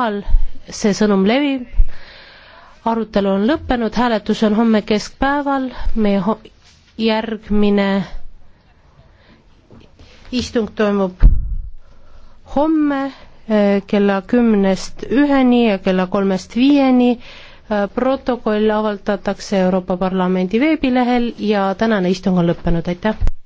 kohal see sõnum levib. arutelu on lõppenud, hääletus on homme keskpäeval, meie ho järgmine istung toimub homme eh, kella kümnest üheni ja kella kolmest viieni. Eh, protokoll avaldatakse Euroopa Parlamendi veebilehel ja tänane istung on lõppenud, aitäh!